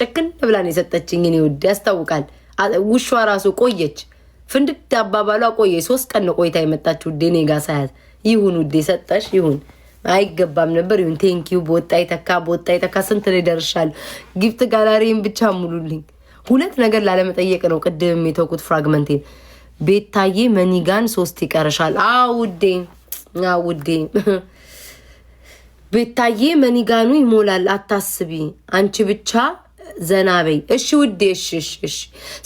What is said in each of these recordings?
ጨክን ብላን የሰጠችኝ እኔ ውድ ያስታውቃል። ውሿ ራሱ ቆየች፣ ፍንድት አባባሏ ቆየ። ሶስት ቀን ቆይታ የመጣች ውዴ እኔ ጋ ሳያት። ይሁን ውዴ ሰጠሽ ይሁን አይገባም ነበር ይሁን። ቴንኪዩ በወጣ ይተካ በወጣ ይተካ። ስንት ላይ ደርሻለሁ። ጊፍት ጋላሪን ብቻ ሙሉልኝ። ሁለት ነገር ላለመጠየቅ ነው ቅድም የተውኩት ፍራግመንቴን። ቤታዬ መኒጋን ሶስት ይቀርሻል። አውዴ አውዴ ቤታዬ መኒጋኑ ይሞላል። አታስቢ አንቺ ብቻ ዘናበይ እሺ ውዴ፣ እሺ፣ እሺ።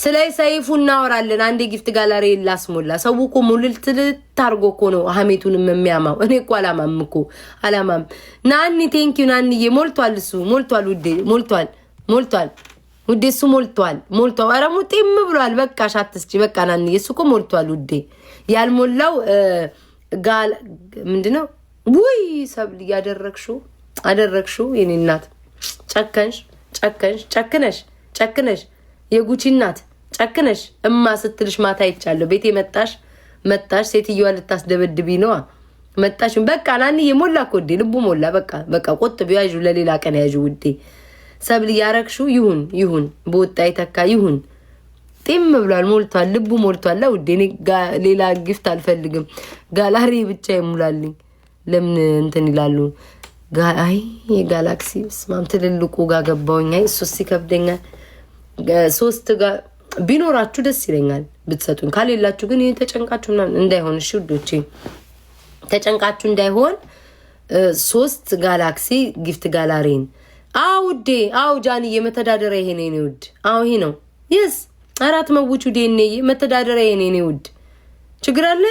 ስለ ሰይፉ እናወራለን። አንዴ ጊፍት ጋላሪ ላስሞላ። ሰው እኮ ሙልልት ልታርጎ እኮ ነው ሀሜቱንም የሚያማው። እኔ እኮ አላማም እኮ አላማም። ናኒ ቴንኪዩ ናኒዬ። ሞልቷል፣ እሱ ሞልቷል፣ ውዴ፣ ሞልቷል፣ ሞልቷል ውዴ፣ እሱ ሞልቷል፣ ሞልቷል። ኧረ ሙጤም ብሏል። በቃ ሻትስቺ በቃ ናኒዬ፣ እሱ እኮ ሞልቷል ውዴ። ያልሞላው ጋል ነው? ውይ ሰብል እያደረግሹ አደረግሹ የኔ እናት ጨከንሽ። ጨከንሽ ጨክነሽ ጨክነሽ የጉቺ እናት ጨክነሽ እማ ስትልሽ ማታ ይቻለሁ ቤቴ መጣሽ መጣሽ ሴትዮዋ ልታስደበድቢ ነዋ መጣሽ። በቃ ናኒ ሞላ እኮ ወዴ ልቡ ሞላ። በቃ በቃ ቆጥቢው ያዥ ለሌላ ቀን ያዥ ውዴ። ሰብል ያረግሹ ይሁን ይሁን በወጣ ይተካ ይሁን ጤም ብሏል። ሞልቷል፣ ልቡ ሞልቷል ውዴ። እኔ ሌላ ጊፍት አልፈልግም። ጋላሪ ብቻ ይሙላልኝ። ለምን እንትን ይላሉ? አይ የጋላክሲ ስማም ትልልቁ ጋር ገባሁኝ። አይ እሱስ ይከብደኛል። ሶስት ጋር ቢኖራችሁ ደስ ይለኛል ብትሰጡኝ። ካሌላችሁ ግን ይህ ተጨንቃችሁ ምናምን እንዳይሆን እሺ ውዶቼ፣ ተጨንቃችሁ እንዳይሆን ሶስት ጋላክሲ ጊፍት ጋላሪን አውዴ አው ጃንዬ መተዳደሪያ ይሄ ነው የኔ ውድ። አዎ ይሄ ነው የስ አራት መውቹ ዴኔዬ መተዳደሪያ ይሄ ነው ውድ። ችግር አለ?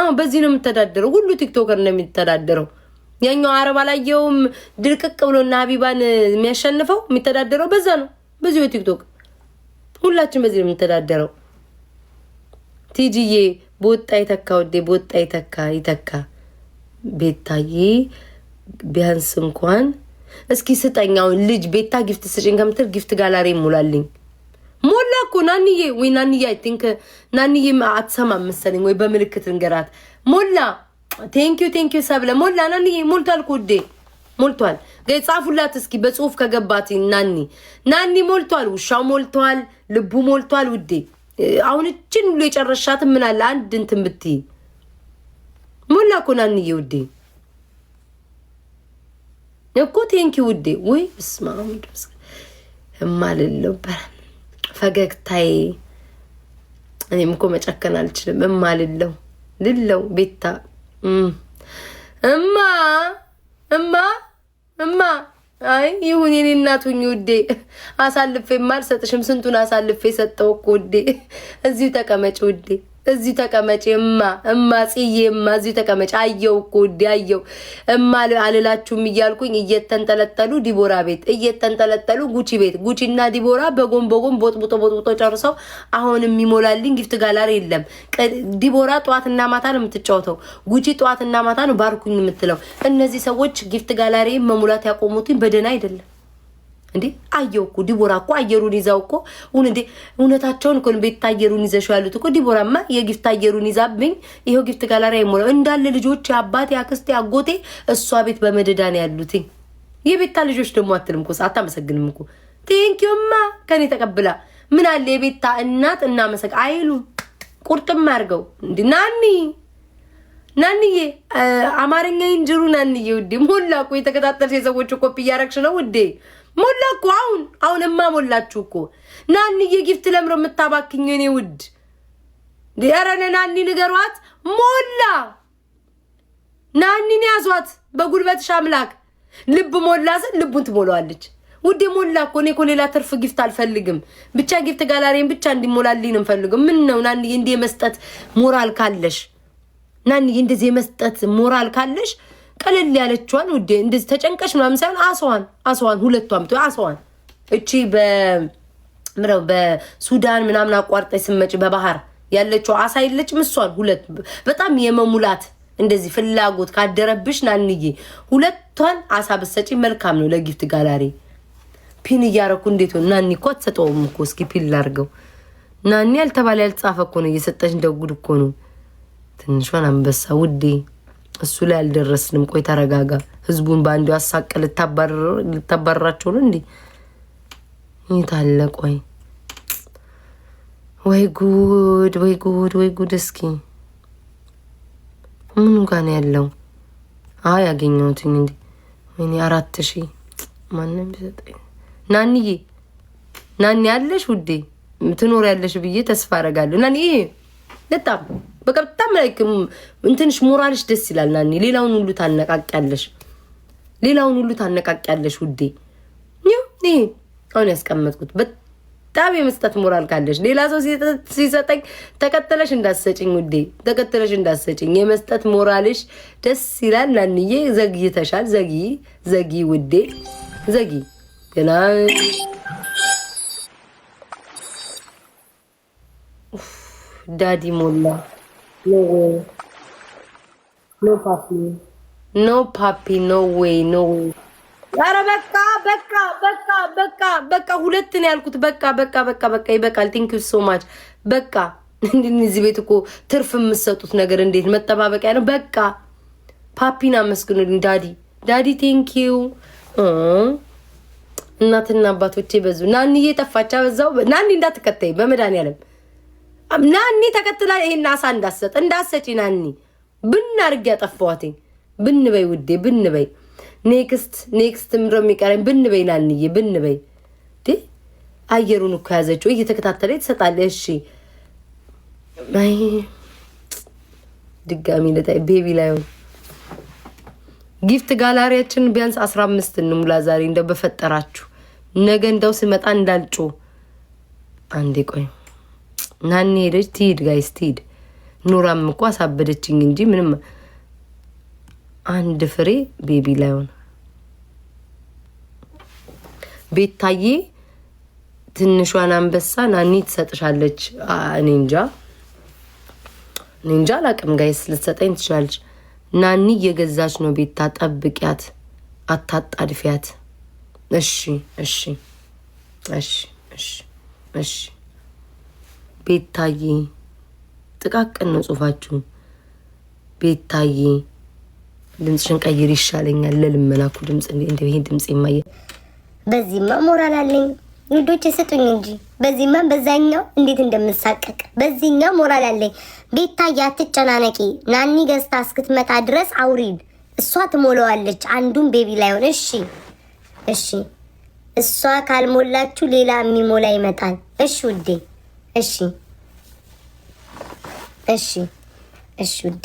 አዎ በዚህ ነው የምተዳደረው። ሁሉ ቲክቶከር ነው የሚተዳደረው። ያኛው አረብ አላየውም ድርቅቅ ብሎ እና ሀቢባን የሚያሸንፈው የሚተዳደረው በዛ ነው። በዚሁ በቲክቶክ ሁላችን በዚህ ነው የሚተዳደረው። ቲጂዬ በወጣ ይተካ፣ ወዴ በወጣ ይተካ ይተካ። ቤታዬ ቢያንስ እንኳን እስኪ ስጠኛው ልጅ ቤታ ጊፍት ስጭኝ ከምትል ጊፍት ጋላሪ ሞላልኝ። ሞላ እኮ ናንዬ ወይ ናንዬ፣ አይ ቲንክ ናንዬ አትሰማም መሰለኝ፣ ወይ በምልክት ንገራት ሞላ ቴንኪዩ ቴንኪዩ ሰብለ ሞላ ናኒ ሞልቷል ውዴ ሞልቷል። ጻፉላት እስኪ በጽሁፍ ከገባት ናኒ ናኒ ሞልቷል። ውሻው ሞልቷል። ልቡ ሞልቷል። ውዴ አሁን እችን ሁሉ የጨረሻት ምናለ አለ አንድ እንትን ብትይ ሞላ እኮ ናንዬ ውዴ እኮ ቴንኪዩ ውዴ። ወይ ብስማ እማልለው ፈገግታዬ እኔም እኮ መጨከን አልችልም። እማልለው ልለው ቤታ እማ እማ እማ አይ ይሁን የኔ እናቱኝ ውዴ፣ አሳልፌ ማልሰጥሽም። ስንቱን አሳልፌ ሰጠው እኮ ውዴ። እዚሁ ተቀመጭ ውዴ። እዚህ ተቀመጭ እማ እማ ጽዬ እማ እዚህ ተቀመጭ። አየው እኮ ወዲ አየው እማ አልላችሁም እያልኩኝ እየተንጠለጠሉ ዲቦራ ቤት እየተንጠለጠሉ ጉቺ ቤት ጉቺና ዲቦራ በጎን በጎን ቦጥቦጦ ቦጥቦጦ ጨርሰው አሁን የሚሞላልኝ ጊፍት ጋላሪ የለም። ዲቦራ ጠዋትና ማታ ነው የምትጫወተው። ጉቺ ጠዋትና ማታ ነው ባርኩኝ የምትለው። እነዚህ ሰዎች ጊፍት ጋላሪ መሙላት ያቆሙትኝ በደህና አይደለም። እንዴ አየው እኮ ዲቦራ እኮ አየሩን ይዛው እኮ ሁን እንዴ እውነታቸውን እኮ ቤት አየሩን ይዘሽው ያሉት እኮ ዲቦራማ የጊፍት አየሩን ይዛብኝ ይኸው ጊፍት ጋላሪ አይሞላው እንዳለ ልጆች አባቴ፣ አክስቴ፣ አጎቴ እሷ ቤት በመደዳን ነው ያሉትኝ። የቤታ ልጆች ደግሞ አትልም እኮ አታመሰግንም እኮ ቴንኪዩማ ከኔ ተቀብላ ምን አለ የቤታ እናት እናመሰግ አይሉ ቁርጥም አርገው እንዲ ናኒ ናንዬ አማርኛ ይንጅሩ ናንዬ ውዴ ሞላ እኮ የተከታተልሽ የሰዎቹ ኮፒ እያረግሽ ነው ውዴ ሞላ እኮ አሁን አሁንማ ሞላችሁ እኮ። ናኒዬ ጊፍት ለምሮ የምታባክኝ እኔ ውድ ዲያረነ ናኒ ንገሯት። ሞላ ናኒን ያዟት በጉልበትሽ አምላክ። ልብ ሞላ ስል ልቡን ትሞላዋለች። ውዴ ሞላ እኮ እኔ እኮ ሌላ ትርፍ ጊፍት አልፈልግም። ብቻ ጊፍት ጋላሪን ብቻ እንዲሞላልኝ ነው የምፈልገው። ምን ነው ናኒዬ እንዲህ የመስጠት ሞራል ካለሽ ናኒዬ እንደዚህ የመስጠት ሞራል ካለሽ ቀለል ያለችዋን ውዴ፣ እንደዚህ ተጨንቀሽ ምናምን ሳይሆን አስዋን አስዋን ሁለቷም ብትሆን አስዋን እቺ በምረው በሱዳን ምናምን አቋርጠሽ ስመጭ በባህር ያለችው አሳ የለችም። እሷን ሁለት በጣም የመሙላት እንደዚህ ፍላጎት ካደረብሽ ናንዬ ሁለቷን አሳ ብትሰጪ መልካም ነው። ለጊፍት ጋላሪ ፒን እያረኩ እንዴት ሆነ? ናኒ እኮ አትሰጠውም እኮ እስኪ ፒን ላርገው። ናኒ ያልተባለ ያልተጻፈ እኮ ነው እየሰጠች እንደጉድ ጉድ እኮ ነው ትንሿን አንበሳ ውዴ እሱ ላይ አልደረስንም። ቆይ ተረጋጋ። ህዝቡን በአንዱ አሳቀ ልታባረራቸው ነው እንዴ? ይታለ ቆይ። ወይ ጉድ፣ ወይ ጉድ፣ ወይ ጉድ! እስኪ ምኑ ጋር ነው ያለው? አይ ያገኘሁትኝ እንዲ ወይኔ አራት ሺ ማንም ቢሰጠኝ። ናንዬ ናኒ ያለሽ ውዴ ትኖር ያለሽ ብዬ ተስፋ አረጋለሁ። ናኒ ለጣም በቃ በጣም ላይ እንትንሽ ሞራልሽ ደስ ይላል ናኒ። ሌላውን ሁሉ ታነቃቂያለሽ፣ ሌላውን ሁሉ ታነቃቂያለሽ ውዴ። ይህ አሁን ያስቀመጥኩት በጣም የመስጠት ሞራል ካለሽ፣ ሌላ ሰው ሲሰጠኝ ተከተለሽ እንዳሰጭኝ ውዴ፣ ተከተለሽ እንዳሰጭኝ። የመስጠት ሞራልሽ ደስ ይላል ናንዬ። ዘግይተሻል። ዘጊ ዘጊ ውዴ ዘጊ ገና ዳዲ ሞላ ኖ ዌይ ኖ ፓፒ ኖ ዌይ ኖ ዌይ። ኧረ በቃ በቃ በቃ በቃ በቃ ሁለት ነው ያልኩት። በቃ በቃ በቃ በቃ ይበቃል። ቲንክ ዩ ሶ ማች በቃ። እዚህ ቤት እኮ ትርፍ የምትሰጡት ነገር እንዴት መጠባበቂያ ነው። በቃ ፓፒን አመስግኑልኝ። ዳዲ ዳዲ ቴንክ ዩ እናትና አባቶቼ በዙ። ናንዬ ጠፋቻ በዛው ናኒ እንዳትከተይ በመድኃኒዓለም ናኒ ተከትላ ይሄን አሳ እንዳሰጥ እንዳሰጪ ናኒ ብናርግ ያጠፋዋትኝ ብንበይ ውዴ ብንበይ ኔክስት ኔክስት ምድሮ የሚቀረኝ ብንበይ በይ ናንዬ አየሩን እኮ ያዘችው እየተከታተለ ትሰጣለ። እሺ ድጋሚ ለጣይ ቤቢ ላይ ጊፍት ጋላሪያችን ቢያንስ አስራ አምስት እንሙላ ዛሬ እንደው በፈጠራችሁ ነገ እንደው ስመጣ እንዳልጩ አንዴ ቆይ ናኒ ሄደች። ትሂድ ጋይስ ትሂድ። ኑራም እኮ አሳበደችኝ እንጂ ምንም አንድ ፍሬ ቤቢ ላይሆን ቤታዬ ትንሿን አንበሳ ናኒ ትሰጥሻለች። እኔ እንጃ እኔ እንጃ አላቅም ጋይስ፣ ልትሰጠኝ ትችላለች። ናኒ እየገዛች ነው። ቤታ ጠብቂያት፣ አታጣድፊያት። እሺ እሺ እሺ እሺ እሺ ቤታዬ ጥቃቅን ነው ጽሁፋችሁ። ቤታዬ ድምፅሽን ቀይር ይሻለኛል። ለልመናኩ ድምፅ እንደ ይሄ ድምፅ ይማየ። በዚህማ ሞራል አለኝ ውዶች የሰጡኝ እንጂ በዚህማ በዛኛው እንዴት እንደምሳቀቅ በዚህኛው ሞራል አለኝ። ቤታዬ አትጨናነቂ፣ ናኒ ገዝታ እስክትመጣ ድረስ አውሪድ፣ እሷ ትሞላዋለች። አንዱን ቤቢ ላይሆን። እሺ እሺ፣ እሷ ካልሞላችሁ ሌላ የሚሞላ ይመጣል። እሺ ውዴ እሺ እሺ እሺ ውዴ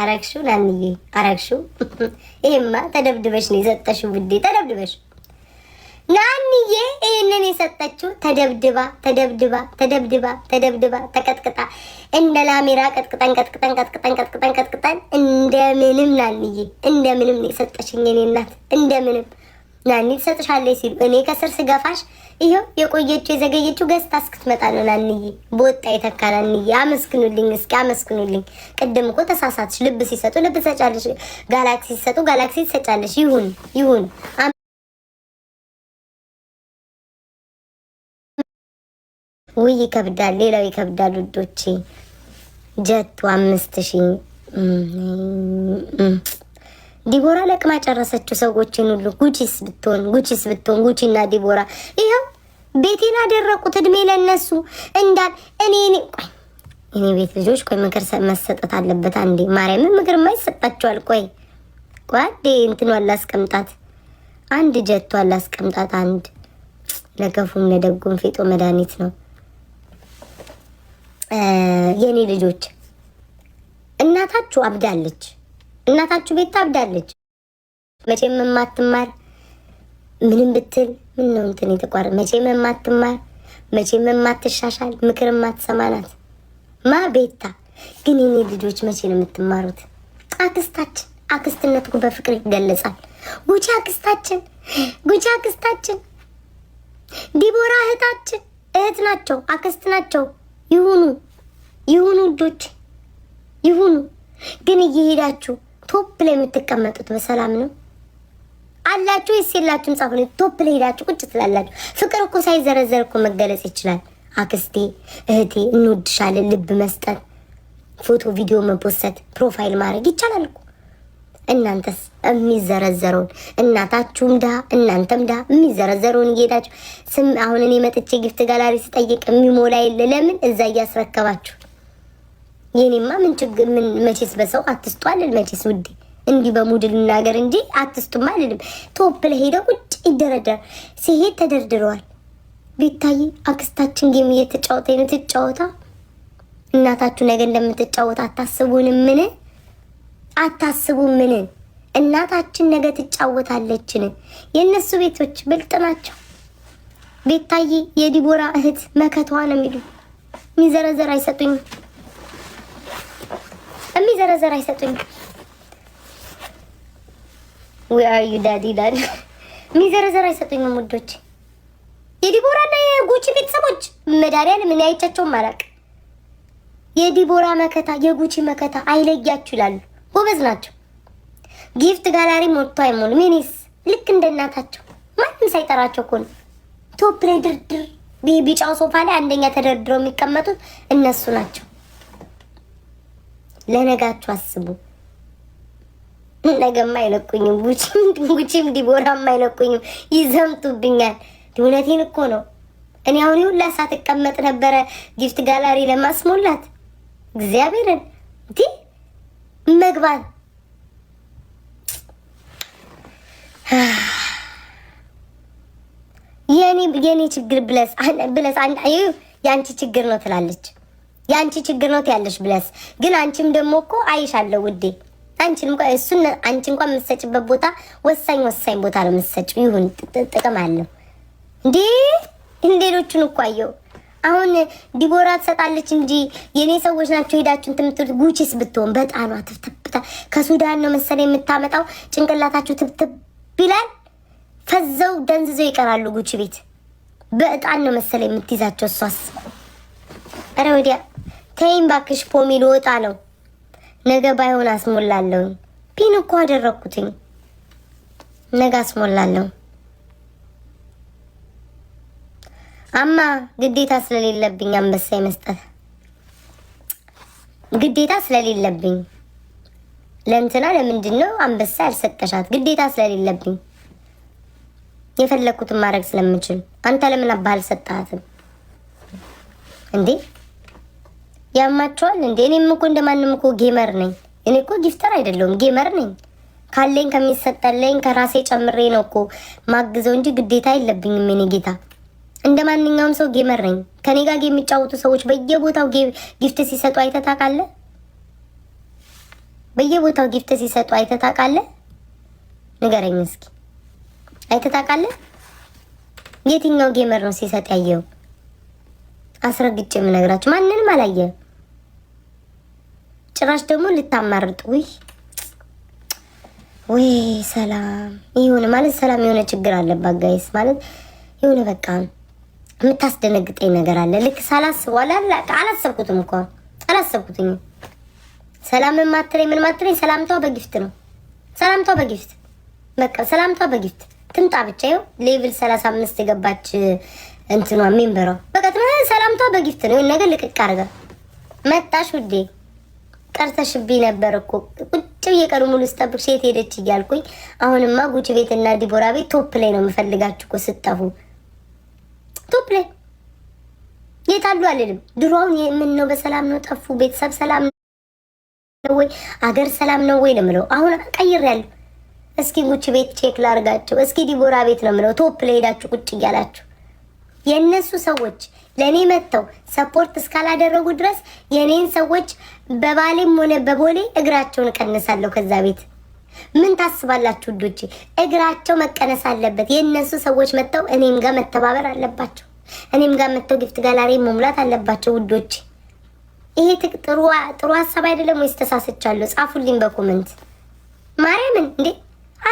አረግሹ ናንዬ አረግሹ ይሄማ ተደብድበሽ ነው የሰጠሽው ውዴ ተደብድበሽ። ናንዬ ይሄንን የሰጠችው ተደብድባ ተደብድባ ተደብድባ ተደብድባ ተቀጥቅጣ እንደ ላሜራ ቀጥቅጠን ቀጥቅጠን ቀጥቅጠን ቀጥቅጠን ቀጥቅጠን እንደምንም ናንዬ እንደምንም ነው የሰጠሽኝ የኔ እናት እንደምንም ናኒ ትሰጥሻለች ሲሉ እኔ ከስር ስገፋሽ ይኸው የቆየችው የዘገየችው ገዝታ እስክትመጣ ነው። ናንዬ በወጣ የተካ ናንዬ፣ አመስግኑልኝ እስኪ አመስግኑልኝ። ቅድም እኮ ተሳሳትሽ። ልብ ሲሰጡ ልብ ትሰጫለሽ፣ ጋላክሲ ሲሰጡ ጋላክሲ ትሰጫለሽ። ይሁን ይሁን፣ ውይ ይከብዳል። ሌላው ይከብዳል ውዶቼ ጀቱ አምስት ሺህ ዲቦራ ለቅማ ጨረሰችው። ሰዎችን ሁሉ ጉቺስ ብትሆን ጉቺስ ብትሆን ጉቺና ዲቦራ ይኸው ቤቴን አደረቁት። እድሜ ለነሱ እንዳል እኔ እኔ ቆይ እኔ ቤት ልጆች ቆይ ምክር መሰጠት አለበት። አንዴ ማርያምን ምክር ማይሰጣቸዋል። ቆይ ጓዴ እንትኑ አላስቀምጣት አንድ ጀቷ አላስቀምጣት አንድ ለከፉም ለደጉም ፌጦ መድኃኒት ነው። የእኔ ልጆች እናታችሁ አብዳለች። እናታችሁ ቤት ታብዳለች። መቼም የማትማር ምንም ብትል ምን ነው እንትን የተቋረ መቼም የማትማር መቼም የማትሻሻል ምክር የማትሰማ ማ ቤታ ግን የኔ ልጆች መቼ ነው የምትማሩት? አክስታችን አክስትነት በፍቅር ይገለጻል። ጉቺ አክስታችን ጉቺ አክስታችን ዲቦራ እህታችን እህት ናቸው፣ አክስት ናቸው። ይሁኑ ይሁኑ፣ ውዶች ይሁኑ። ግን እየሄዳችሁ ቶፕ ላይ የምትቀመጡት በሰላም ነው አላችሁ ይስ የላችሁም? ጻፉ። ቶፕ ላይ ሄዳችሁ ቁጭ ትላላችሁ። ፍቅር እኮ ሳይዘረዘር እኮ መገለጽ ይችላል። አክስቴ፣ እህቴ፣ እንወድሻለን፣ ልብ መስጠት፣ ፎቶ ቪዲዮ መፖሰት፣ ፕሮፋይል ማድረግ ይቻላል እኮ። እናንተስ የሚዘረዘረውን እናታችሁም ዳ እናንተም ዳ የሚዘረዘረውን እየሄዳችሁ ስም አሁን እኔ መጥቼ ጊፍት ጋላሪ ስጠይቅ የሚሞላ የለ ለምን እዛ እያስረከባችሁ የኔማ ምን ችግር ምን መቼስ በሰው አትስጡ አልል። መቼስ ውዴ እንዲህ በሙድ ልናገር እንጂ አትስጡም አልልም። ቶፕ ላይ ሄደው ውጭ ይደረደር ሲሄድ ተደርድረዋል። ቤታዬ አክስታችን ጌም እየተጫወተ የምትጫወታ እናታችሁ ነገ እንደምትጫወት አታስቡን? ምን አታስቡ? ምን እናታችን ነገ ትጫወታለችን? የእነሱ ቤቶች ብልጥ ናቸው። ቤታዬ የዲቦራ እህት መከቷ ነው የሚሉ ሚዘረዘር አይሰጡኝም። የሚዘረዘር አይሰጡኝ። ዩ ዳዲ ዳዲ የሚዘረዘር አይሰጡኝም ውዶች። የዲቦራና የጉቺ ቤተሰቦች መዳሪያን ምን አይቻቸውም አላውቅም። የዲቦራ መከታ የጉቺ መከታ አይለያችሁ ይላሉ። ጎበዝ ናቸው። ጊፍት ጋላሪ ሞቶ አይሞሉም። ሚኒስ ልክ እንደ ማንም ሳይጠራቸው እኮ ነው ቶፕ ላይ ድርድር ቢጫው ሶፋ ላይ አንደኛ ተደርድረው የሚቀመጡት እነሱ ናቸው። ለነጋችሁ አስቡ። ነገማ አይለቁኝም፣ ጉቺም ዲቦራም አይለቁኝም፣ ይዘምጡብኛል። እውነቴን እኮ ነው። እኔ አሁን ሁላ ሳትቀመጥ ነበረ ጊፍት ጋላሪ ለማስሞላት እግዚአብሔርን እንዲ መግባት የኔ ችግር ብለስ ብለስ አንድ የአንቺ ችግር ነው ትላለች። የአንቺ ችግር ነው ትያለሽ ብለስ ግን አንቺም ደግሞ እኮ አይሻለሁ ውዴ አንቺን እንኳ እሱን አንቺ እንኳን የምትሰጭበት ቦታ ወሳኝ ወሳኝ ቦታ ነው የምትሰጭ። ይሁን ጥቅም አለው እንዴ ሌሎቹን እኮ አየው። አሁን ዲቦራ ትሰጣለች እንጂ የእኔ ሰዎች ናቸው ሄዳችሁን ትምትሉት። ጉቺስ ብትሆን በጣኗ ትብትብታ ከሱዳን ነው መሰለ የምታመጣው። ጭንቅላታችሁ ትብትብ ይላል። ፈዘው ደንዝዘው ይቀራሉ። ጉቺ ቤት በእጣን ነው መሰለ የምትይዛቸው እሷስ ረ ወዲያ ተይም ባክሽ ፖሚ ልወጣ ነው። ነገ ባይሆን አስሞላለሁ። ፒን እኮ አደረግኩትኝ። ነገ አስሞላለሁ። አማ ግዴታ ስለሌለብኝ አንበሳ መስጠት ግዴታ ስለሌለብኝ ለእንትና ለምንድን ነው አንበሳ ያልሰጠሻት? ግዴታ ስለሌለብኝ የፈለግኩትን ማድረግ ስለምችል አንተ ለምን አባህል ሰጣትም እንዴ? ያማቸዋል እንዴ? እኔም እኮ እንደማንም እኮ ጌመር ነኝ። እኔ እኮ ጊፍተር አይደለሁም ጌመር ነኝ። ካለኝ ከሚሰጠለኝ ከራሴ ጨምሬ ነው እኮ ማግዘው እንጂ ግዴታ የለብኝም። እኔ ጌታ እንደ ማንኛውም ሰው ጌመር ነኝ። ከኔ ጋር የሚጫወቱ ሰዎች በየቦታው ጊፍት ሲሰጡ አይተህ ታውቃለህ? በየቦታው ጊፍት ሲሰጡ አይተህ ታውቃለህ? ንገረኝ እስኪ አይተህ ታውቃለህ? የትኛው ጌመር ነው ሲሰጥ ያየው? አስረግጬ የምነግራችሁ ማንንም አላየህ። ጭራሽ ደግሞ ልታማርጥ ውይ ወይ ሰላም ይሁን ማለት ሰላም የሆነ ችግር አለባት ጋይስ ማለት የሆነ በቃ የምታስደነግጠኝ ነገር አለ። ልክ ሳላስበው አላሰብኩትም እኮ አላሰብኩትኝ ሰላም ማትለኝ ምን ማትለኝ ሰላምታዋ በጊፍት ነው። ሰላምታዋ በጊፍት በቃ ሰላምታዋ በጊፍት ትምጣ ብቻ ይኸው ሌቭል ሰላሳ አምስት የገባች እንትኗ ሜምበሯ በቃ ሰላምታዋ በጊፍት ነው። ይሁን ነገር ልቅቅ አድርጋ መጣሽ ውዴ ቀርተሽብኝ ነበር እኮ ቁጭ ብዬ ሙሉ ስጠብቅ ሴት ሄደች እያልኩኝ። አሁንማ ጉጭ ቤት እና ዲቦራ ቤት ቶፕ ላይ ነው የምፈልጋችሁ እኮ ስጠፉ፣ ቶፕ ላይ የት አሉ አልልም። ድሮውን የምን ነው በሰላም ነው ጠፉ፣ ቤተሰብ ሰላም ነው ወይ፣ አገር ሰላም ነው ወይ ነው የምለው። አሁን ቀይሬያለሁ። እስኪ ጉጭ ቤት ቼክ ላርጋቸው፣ እስኪ ዲቦራ ቤት ነው የምለው። ቶፕ ላይ ሄዳችሁ ቁጭ እያላችሁ የእነሱ ሰዎች ለእኔ መጥተው ሰፖርት እስካላደረጉ ድረስ የእኔን ሰዎች በባሌም ሆነ በቦሌ እግራቸውን እቀንሳለሁ ከዛ ቤት። ምን ታስባላችሁ ውዶቼ? እግራቸው መቀነስ አለበት። የእነሱ ሰዎች መጥተው እኔም ጋር መተባበር አለባቸው። እኔም ጋር መጥተው ጊፍት ጋላሪ መሙላት አለባቸው ውዶቼ። ይሄ ጥሩ ሀሳብ አይደለም ወይስ ተሳስቻለሁ? ጻፉልኝ በኮመንት ማርያምን እንዴ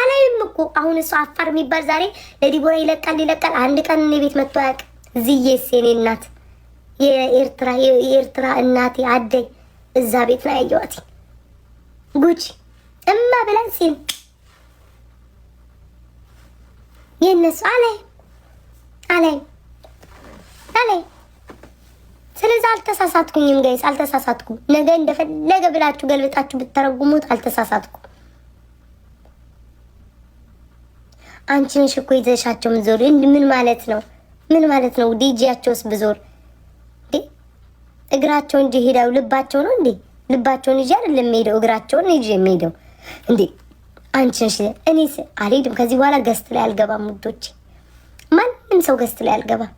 አላይም እኮ አሁን እሱ አፋር የሚባል ዛሬ ለዲቦራ ይለቃል ይለቃል። አንድ ቀን እኔ ቤት መጥቶ አያውቅ። ዝዬስ የኔ እናት የኤርትራ የኤርትራ እናቴ አደይ እዛ ቤት ነው ያየዋት። ጉቺ እማ ብለን ሲል የእነሱ አለ አለ አለ። ስለዚህ አልተሳሳትኩኝም ጋይስ፣ አልተሳሳትኩም። ነገ እንደፈለገ ብላችሁ ገልብጣችሁ ብተረጉሙት አልተሳሳትኩም። አንቺን ነሽ እኮ ይዘሻቸው ምዞሪ። ምን ማለት ነው? ምን ማለት ነው? ዲጂያቸውስ ብዞር እንዴ እግራቸው እንጂ ሄዳው ልባቸው ነው እንዴ? ልባቸውን ይዤ አይደለም የሚሄደው እግራቸውን ይዤ የሚሄደው እንዴ። አንቺን ነሽ እኔስ አልሄድም። ከዚህ በኋላ ገስት ላይ አልገባም ውዶቼ። ማንም ሰው ገስት ላይ አልገባም።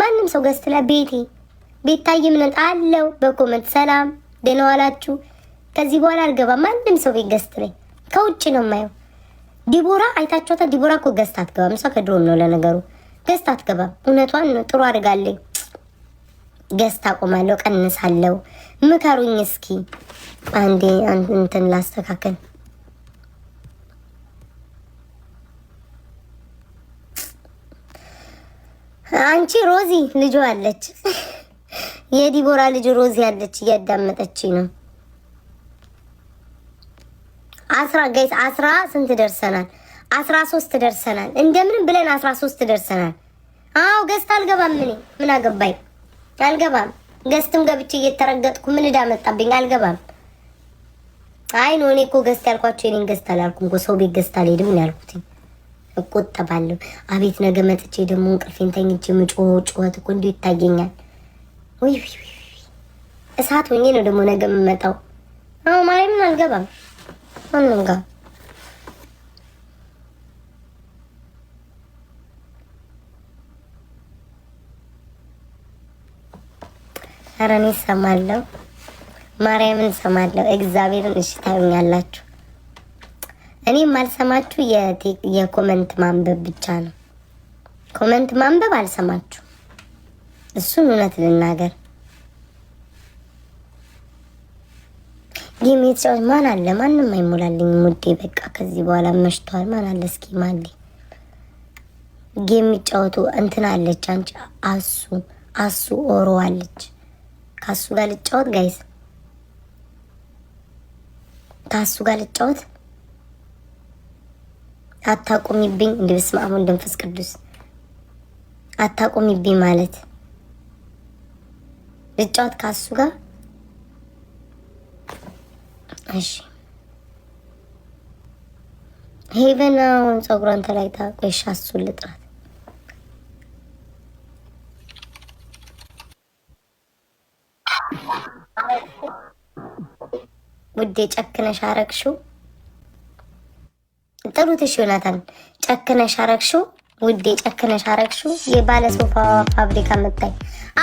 ማንም ሰው ገስት ላይ ቤቴ ቤታዬ ምን አለው በኮመንት ሰላም ደህና ዋላችሁ። ከዚህ በኋላ አልገባም። ማንም ሰው ቤት ገስት ላይ ከውጭ ነው የማየው ዲቦራ አይታችኋታ? ዲቦራ እኮ ገዝታ አትገባም። እሷ ከድሮም ነው ለነገሩ ገዝታ አትገባም። እውነቷን ጥሩ አድርጋለኝ። ገዝታ ቆማለሁ፣ ቀንሳለሁ። ምከሩኝ እስኪ አንዴ እንትን ላስተካከል። አንቺ ሮዚ ልጅ አለች፣ የዲቦራ ልጅ ሮዚ አለች። እያዳመጠች ነው አስራ ጋይስ አስራ ስንት ደርሰናል? አስራ ሶስት ደርሰናል። እንደምንም ብለን አስራ ሶስት ደርሰናል። አዎ ገስት አልገባም። ምን ምን አገባኝ? አልገባም። ገስትም ገብቼ እየተረገጥኩ ምን እዳ መጣብኝ? አልገባም። አይ ነው እኔ እኮ ገስት ያልኳቸው የኔን ገስት አላልኩም እኮ ሰው ቤት ገስት አልሄድም ነው ያልኩት። እቆጠባለሁ። አቤት ነገ መጥቼ ደግሞ እንቅልፌን ተኝቼ ምጮ ጩኸት እኮ እንዲሁ ይታየኛል። እሳት ሆኜ ነው ደግሞ ነገ የምመጣው። አዎ ማርያምን አልገባም። 하는가? ኧረ እኔ እሰማለሁ፣ ማርያምን እሰማለሁ፣ እግዚአብሔርን እሺ ታዩኛላችሁ። እኔ የማልሰማችሁ የኮመንት ማንበብ ብቻ ነው። ኮመንት ማንበብ አልሰማችሁ። እሱን እውነት ልናገር ጌም የተጫወት ማን አለ? ማንም አይሞላልኝ ሙዴ። በቃ ከዚህ በኋላ መሽቷል። ማን አለ? እስኪ ማን ጌም የሚጫወቱ እንትን አለች። አንቺ አሱ አሱ ኦሮ አለች። ከአሱ ጋር ልጫወት ጋይስ፣ ከአሱ ጋር ልጫወት። አታቆሚብኝ እንደ በስመ አብ ወወልድ ወመንፈስ ቅዱስ። አታቆሚብኝ ማለት ልጫወት ከአሱ ጋር እሺ ሄቨን አሁን ፀጉሯን ተላይታ ቆይሻ እሱን ልጥራት። ውዴ ጨክነሽ አረግሽው። ጥሩትሽ ዮናታን ጨክነሽ አረግሽው። ውዴ ጨክነሽ አረግሽው። የባለ ሶፋ ፋብሪካ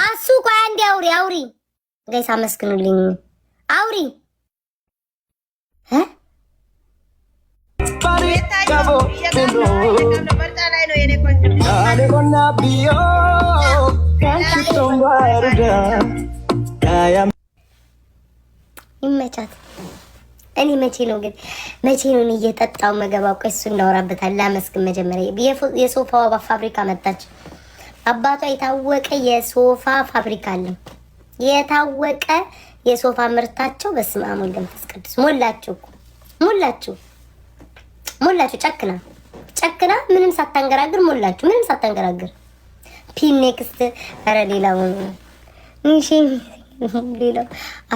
አሱ ቆይ አንዴ አውሪ አውሪ ጋይስ አመስግኑልኝ አውሪ ይመቻት። እኔ መቼ ነው ግን መቼ ነው እየጠጣው መገባው? ቆይ እሱ እንዳወራበታል። ላመስግን መጀመሪያ። የሶፋ ፋብሪካ መጣች። አባቷ የታወቀ የሶፋ ፋብሪካ አለው የታወቀ የሶፋ ምርታቸው በስመ አብ ወወልድ ወመንፈስ ቅዱስ። ሞላችሁ እኮ ሞላችሁ ሞላችሁ። ጨክና ጨክና ምንም ሳታንገራግር ሞላችሁ፣ ምንም ሳታንገራግር ፒን ኔክስት። ኧረ ሌላው እንሺ ሌላው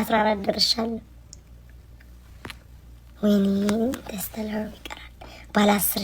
አስራ አራት ደርሻለሁ። ወይኔ ደስተላ ይቀራል ባለ አስር